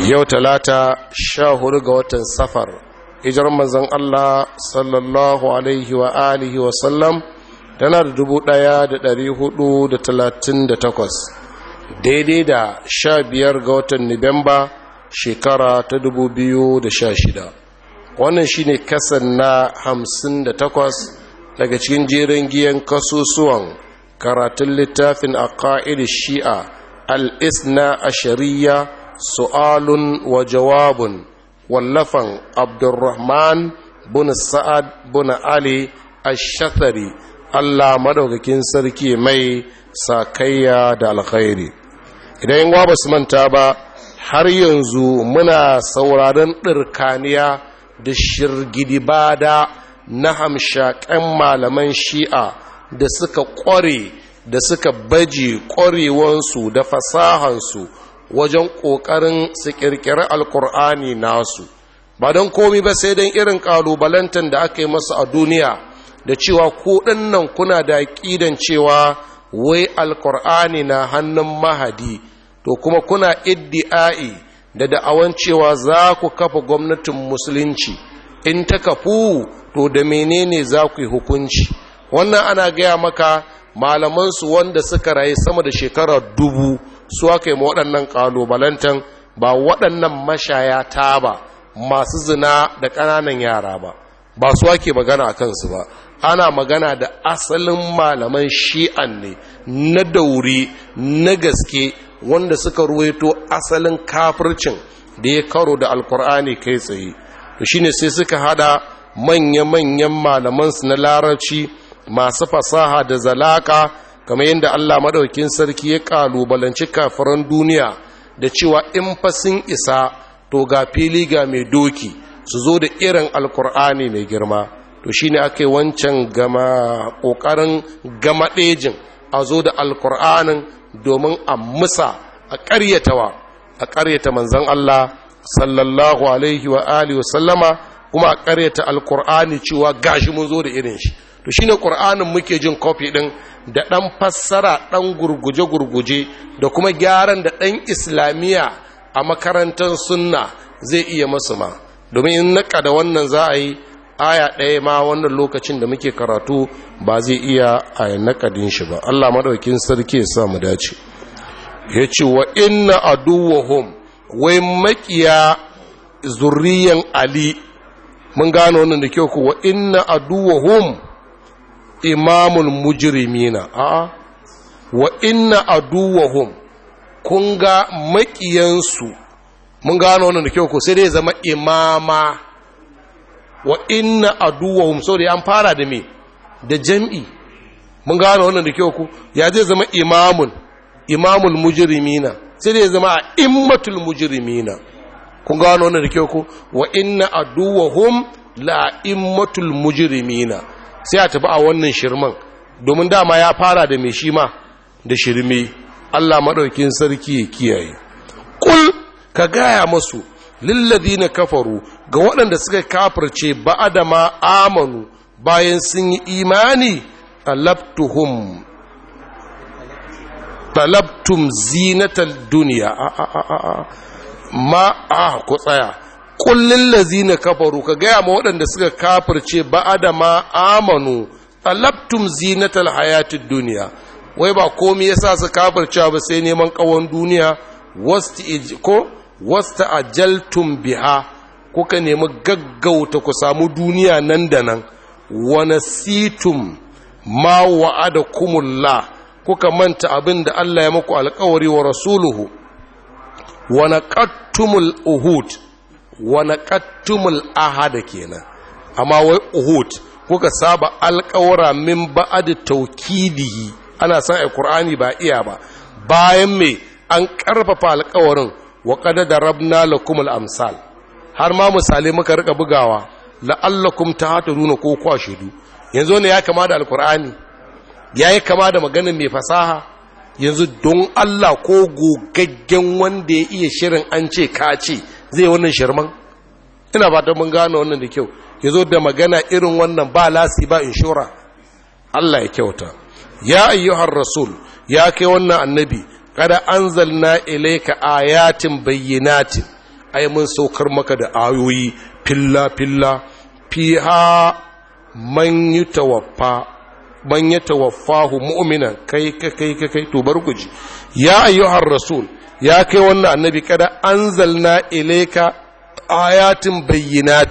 yau talata sha hudu ga watan safar ijar manzan Allah sallallahu alaihi wa alihi wa sallam tana da dubu daya da dari hudu da talatin da takwas daidai da sha biyar ga watan nubemba shekara ta dubu biyu da sha shida wannan shi ne kasan na hamsin da takwas daga cikin jerin giyan kasusuwan karatun littafin a ƙa'idar shi'a al-isna a shari'a su'alun wa jawabun wallafan الرحمن بن sa'ad بن ali الشثري الله Allah سركي sarki mai sakayya da alkhairi idan wa basu manta ba har yanzu muna sauraron ɗirkaniya da shirgidibada na hamshaƙen malaman shi'a da suka ƙware da suka baje ƙwarewansu da fasahansu wajen ƙoƙarin su ƙirƙiri Alƙur'ani nasu ba don komi ba sai don irin ƙalubalantar da aka yi masu a duniya da cewa ku nan kuna da ƙidan cewa wai Alƙur'ani na hannun mahadi to kuma kuna iddi'a'i da da'awan cewa za ku kafa gwamnatin musulunci in ta kafu to da menene za ku yi hukunci wannan ana gaya maka malamansu wanda suka rayu sama da shekarar dubu su aka yi waɗannan ƙalubalantan ba waɗannan mashaya ta ba masu zina da ƙananan yara ba ba su ake magana a kansu ba ana magana da asalin malaman shi'an ne na dauri na gaske wanda suka ruwaito asalin kafircin da ya karo da alkur'ani kai tsaye shi ne sai suka hada manya-manyan malamansu na larabci masu fasaha da zalaka kamar yadda Allah madaukin sarki ya kalubalanci kafiran duniya da cewa in fa sun isa to ga fili ga mai doki su zo da irin alkur'ani mai girma to shi ne aka yi wancan gama ƙoƙarin gama ɗejin a zo da alkur'anin domin a musa a ƙaryatawa a ƙaryata manzan Allah sallallahu alaihi wa alihi wa sallama kuma a ƙaryata alkur'ani cewa gashi mun zo da irin shi to shi ne ƙur'anin muke jin kofi ɗin da ɗan fassara ɗan gurguje-gurguje da kuma gyaran da ɗan islamiyya a makarantar sunna zai iya masu ma domin in naƙa da wannan za a yi aya ɗaya ma wannan lokacin da muke karatu ba zai iya a naƙadin shi ba allah maɗaukin sarki ya sa dace ya ce wa inna aduwahum wai makiya zurriyan ali mun gano wannan da kyau ku wa inna hum? imamul mujrimina a'a wa inna aduwahum kun ga maƙiyansu mun gano wannan da kyau ko sai dai zama imama wa inna aduwahum sau da an fara da me da jam'i mun gano wannan da kyau ko ya zai zama imamun imamul mujrimina sai dai zama a immatul mujrimina kun gano wannan da kyau ko wa inna aduwahum la immatul mujrimina sai a tafi a wannan shirman domin dama ya fara da mai shi ma da shirme Allah maɗaukin sarki ya kiyaye kul ka gaya masu na kafaru ga waɗanda suka kafirce ba'adama amanu bayan sun yi imani talabtuhum talabtum zinatal duniya a a a a ma a ku tsaya kullin na kafaru ka gaya ma waɗanda suka kafirce ba'adama adama amanu talabtum zinatal hayatid duniya wai ba komai yasa su kafirce ba sai neman kawon duniya ko wasta ajaltum biha kuka nemi gaggauta ku samu duniya nan da nan wani situm ma wa'adakumullah kuka manta abin da Allah ya maku alkawari wa rasuluhu wani naqattumul uhud wani ƙattumul ahada kenan amma wai uhud kuka saba alkawara min ba'adi taukidihi ana san a qur'ani ba iya ba bayan me an ƙarfafa alkawarin wa da darabna lakum al-amsal har ma misali muka rika bugawa la'allakum nuna ko kwashidu yanzu ne ya kama da alkur'ani yayi kama da maganin mai fasaha yanzu don Allah ko gogaggen wanda ya iya shirin an ce ka ce zai wannan shirman ina ba ta mun gane wannan da kyau ya zo da magana irin wannan ba lasi ba inshora Allah ya kyauta ya ayyuhar rasul ya kai wannan annabi kada anzalna ilayka ayatin bayyinatin ai mun saukar maka da ayoyi filla filla fiha man yutawaffa man yatawaffahu mu'minan kai kai kai kai to barkuji ya ayyuhar rasul ya kai wannan annabi kada anzalna ilayka ayatin bayyinat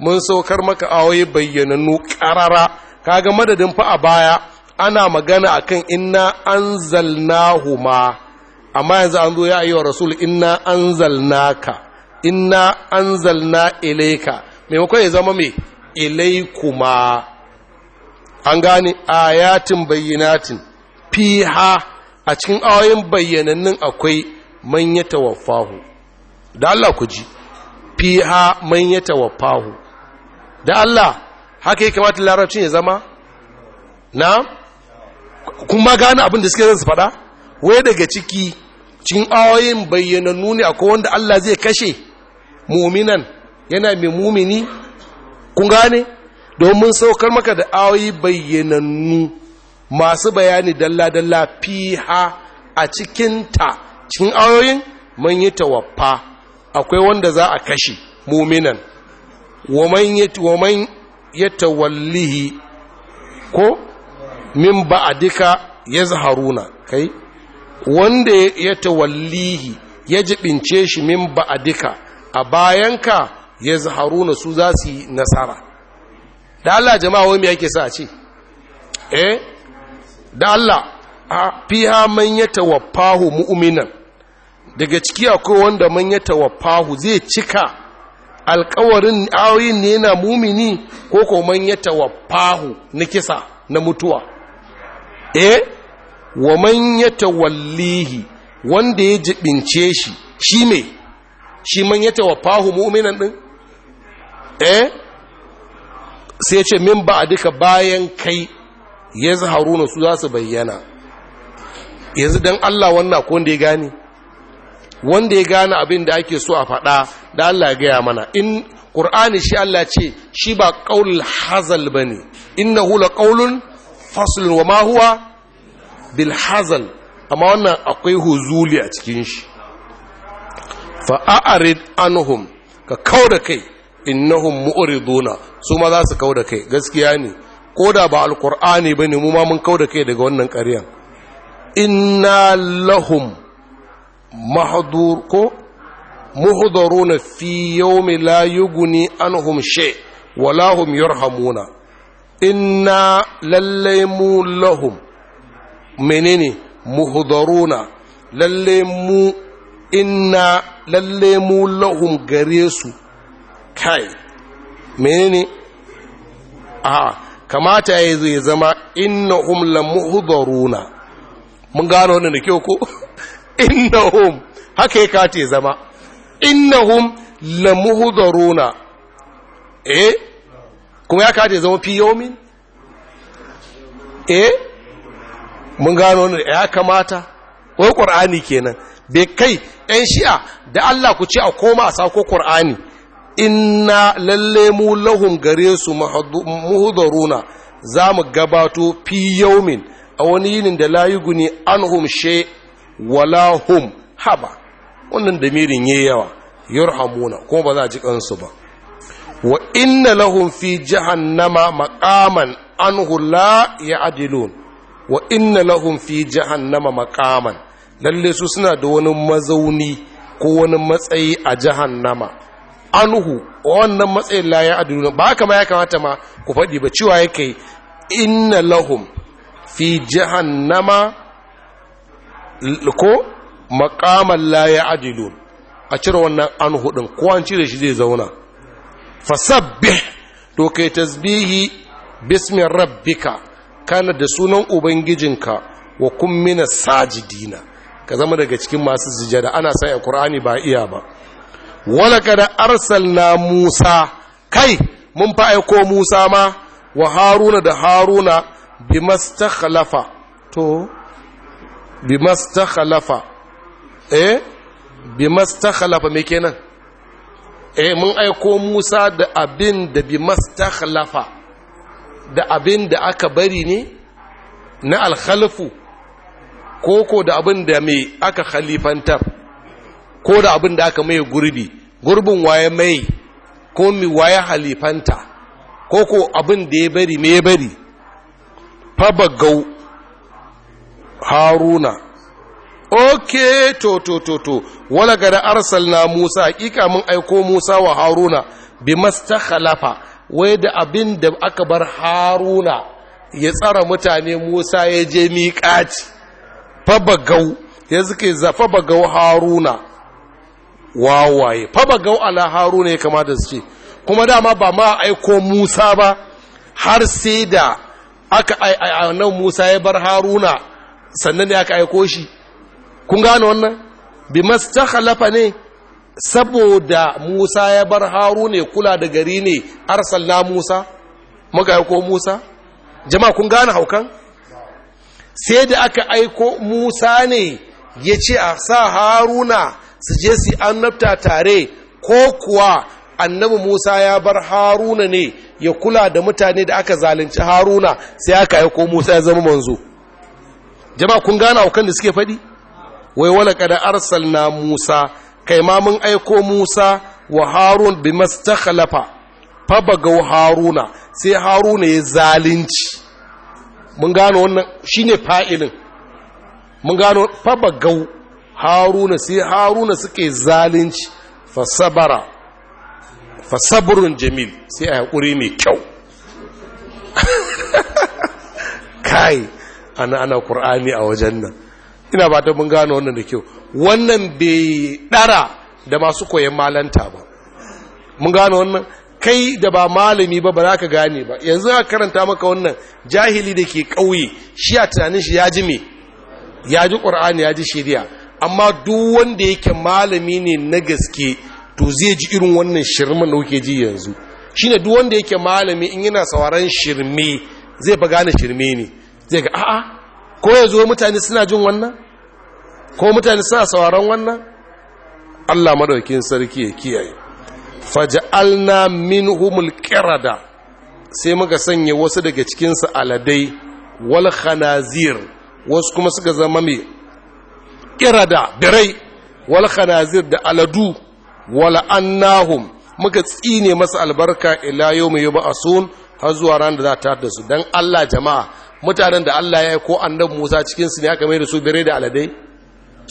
mun saukar maka ayoyi bayyananu karara kaga madadin fa a baya ana magana akan inna anzalnahuma amma yanzu an zo ya ayyuha rasul inna anzalnaka inna anzalna ilayka maimakon ya zama me ilaykuma an gane ayatin bayyinatin fiha a cikin ayoyin bayyanannin akwai man ya tawaffahu da Allah ku ji fiha man ya tawaffahu da Allah haka ya kamata larabcin ya zama na kuma gane abin da suke zan su faɗa wai daga ciki cikin awoyin bayyanannu ne akwai wanda Allah zai kashe muminan yana mai mumini kun gane domin saukar maka da ayoyi bayyanannu masu bayani dalla-dalla fiha a cikinta cikin ayoyin man yi tawaffa akwai wanda za a kashe muminan waman ya tawallihi ko min ba'adika ya zaharuna kai wanda ya tawallihi ya jibince shi min ba'adika a bayanka ya zaharuna su za su yi nasara da Allah jama'a wani yake sa ce eh da Allah a fiha man ya tawaffahu mu'minan daga ciki akwai wanda man ya tawaffahu zai cika alkawarin ayoyin ne yana mumini ko ko man ya tawaffahu na kisa na mutuwa eh wa man ya tawallihi wanda ya jibince shi shi me shi man ya tawaffahu mu'minan din eh sai ce min ba a duka bayan kai ya zaharu na su za su bayyana yanzu dan Allah wannan ko wanda ya gane wanda ya gane abin da ake so a faɗa da Allah ya gaya mana in Qur'ani shi Allah ce shi ba ƙaunin hazal ina hula ƙaunin faslun wa ma huwa bil hazal amma wannan akwai huzuli a cikin shi fa a'rid ka ka kauda kai innahum mu'riduna su ma za su kauda kai gaskiya ne ko da ba ba ne mu ma mun kau da kai daga wannan ƙaryan inna lahum mahdur ko muhdaruna fi yawmi la yughni anhum shay wala inna lahum menene muhdaruna inna lahum gare su kai menene a kamata ya zama innahum la muhdaruna mun gano wannan da kyau ko innahum haka ya kace zama innahum lamuhdaruna eh kuma ya kace zama fi yawmin eh mun gano wannan ya kamata wai qur'ani kenan bai kai ɗan shi'a da Allah ku ce a koma a sako qur'ani inna lalle mu lahum gare su muhdaruna za mu gabato fi yawmin a wani yinin da layi guni anhum she wala hum haba wannan damirin yi yawa yarhamuna kuma ba za a ji kansu ba wa inna lahum fi jahannama maqaman anhu la ya'dilun wa inna lahum fi jahannama maqaman lalle su suna da wani mazauni ko wani matsayi a jahannama anhu wannan matsayin la ya'dilun ba haka ma ya kamata ma ku faɗi ba cewa yake inna lahum fi jahannama ko makaman laye adilun a cire wannan an hudun ko an cire shi zai zauna fasabbih to kai tasbihi bismin rabbika kana da sunan ubangijinka wa kun mina sajidina ka zama daga cikin masu sujada ana sai a qur'ani ba iya ba wala kada arsalna musa kai mun fa aiko musa ma wa haruna da haruna bimastakhalafa to bimastakhalafa eh bimastakhalafa me kenan eh mun aiko Musa da abin da bimastakhalafa da abin da aka bari ne na alkhalfu koko da abin da mai aka khalifantar ko da abin da aka mai gurbi gurbin waye mai ko mi waye halifanta koko abin da ya bari me ya bari fabagau haruna ok to to to to wala gada na musa hakika mun aiko musa wa haruna bi halafa wai da abin da aka bar haruna ya tsara mutane musa ya je miƙaci fabagau ya suke zafa bagau haruna wawaye fabagau ala haruna ya kama da suke kuma dama ba ma aiko musa ba har sai da aka nan musa ya bar haruna sannan ne aka aiko shi kun gane wannan bi mastakhalafa ne saboda musa ya bar haruna kula da gari ne arsalna musa muka aiko musa jama'a kun gane haukan sai da aka aiko musa ne ya ce a sa haruna su je su annabta tare ko kuwa annabi musa ya bar haruna ne ya kula da mutane da aka zalunci haruna sai aka aiko musa ya zama manzo jama kun gane aukan da suke faɗi wai wala kada arsalna musa kai ma mun aiko musa wa harun bi mastakhlafa fa baga haruna sai haruna ya zalunci mun gano wannan shine fa'ilin mun gano fa baga haruna sai haruna suke zalunci sabara fa saburun jamil sai a haƙuri mai kyau kai ana ana ƙur'ani a wajen nan ina ba ta mun gano wannan da kyau wannan bai ɗara da masu koyon malanta ba mun gano wannan kai da ba malami ba ba za ka gane ba yanzu a karanta maka wannan jahili da ke ƙauye shi a tunanin shi ya ji me ya ji ƙur'ani ya ji shirya amma duk wanda yake malami ne na gaske to zai ji irin wannan shirman da kuke ji yanzu shi duk wanda yake malami in yana sauran shirme zai ba gane shirme ne zai ga a'a ko ya zo mutane suna jin wannan ko mutane suna sauran wannan Allah madaukin sarki ya kiyaye Faja'al na min humul kirada, sai muka sanya wasu daga cikin aladai wal khanazir wasu kuma suka zama mai qirada birai wal khanazir da aladu wala annahum muka tsine masa albarka ila yawmi yub'asun har zuwa ran da za ta da su dan Allah jama'a mutanen da Allah ya yi ko annabi Musa cikin su ne aka mai da su bire da aladai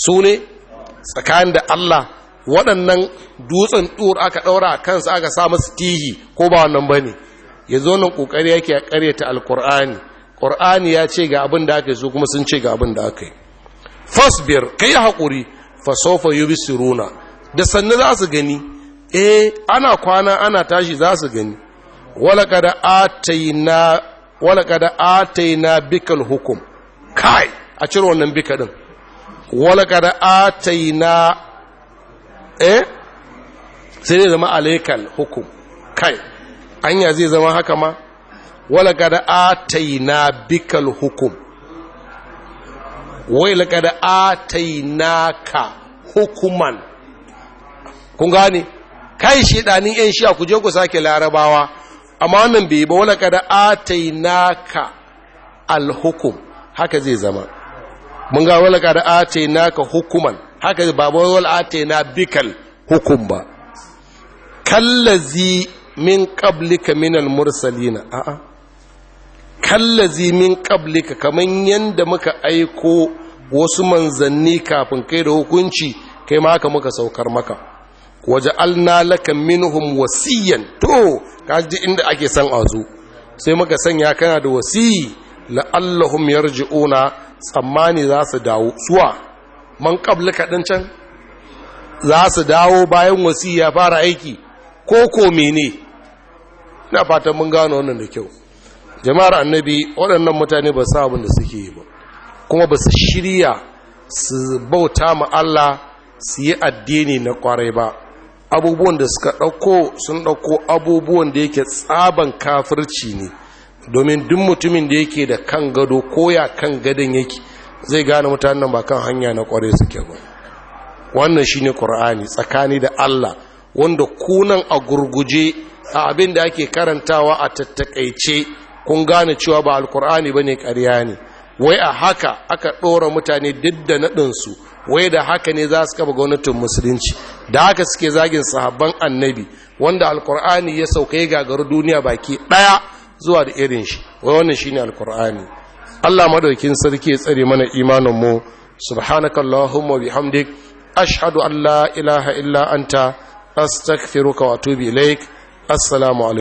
su ne tsakanin da Allah waɗannan dutsen ɗur aka ɗaura a kansu aka sa masu tihi ko ba wannan ba ne nan ƙoƙari yake a ƙaryata alƙur'ani ƙur'ani ya ce ga abin da aka yi su kuma sun ce ga abin da aka yi fasbir kai hakuri haƙuri fasofa da sannu za su gani eh ana kwana ana tashi za su gani walakada ataina walakada ataina bikal hukum kai a cire wannan bika din walakada ataina eh sai zai zama alaikal hukum kai anya zai zama haka ma walakada ataina bikal hukum wai lakada ka hukuman kun gane kai shedanin yan shiya ku je ku sake larabawa amma wannan bai ba wala kada atainaka alhukum haka zai zama mun ga wala kada atainaka hukuman haka ba wala na bikal hukum ba kallazi min qablika minal mursalina a'a kallazi min qablika kaman yanda muka aiko wasu manzanni kafin kai da hukunci kai ma haka muka saukar maka waje laka minhum wasiyan to kaji inda ake san azu sai muka sanya kana da wasi la'allahum yarji'una tsammani za su dawo suwa man qablaka kaɗan can za su dawo bayan wasi ya fara aiki ko ko mene ina fatan mun gano wannan da kyau jama'ar annabi waɗannan mutane ba sa abin da suke yi ba kuma ba su shirya su bauta ma Allah su yi addini na kwarai ba abubuwan da suka ɗauko sun ɗauko abubuwan da yake tsaban kafirci ne domin duk mutumin da yake da kan gado ko ya kan gadon yake zai gane mutanen ba kan hanya na kware suke ba wannan shine ƙur'ani tsakani da Allah wanda kunan a gurguje a abin da ake karantawa a tattakaice kun gane cewa ba ba bane ƙarya ne wai a haka aka ɗora mutane duk da naɗinsu wai da haka ne za su kafa gwamnatin musulunci da haka suke zagin sahabban annabi wanda alkur'ani ya sauka ya gagaru duniya baki ɗaya zuwa da irin shi wai wannan shine alkur'ani Allah madaukin sarki ya tsare mana imanin mu subhanakallahumma bihamdik ashhadu an la ilaha illa anta astaghfiruka wa atubu ilaik assalamu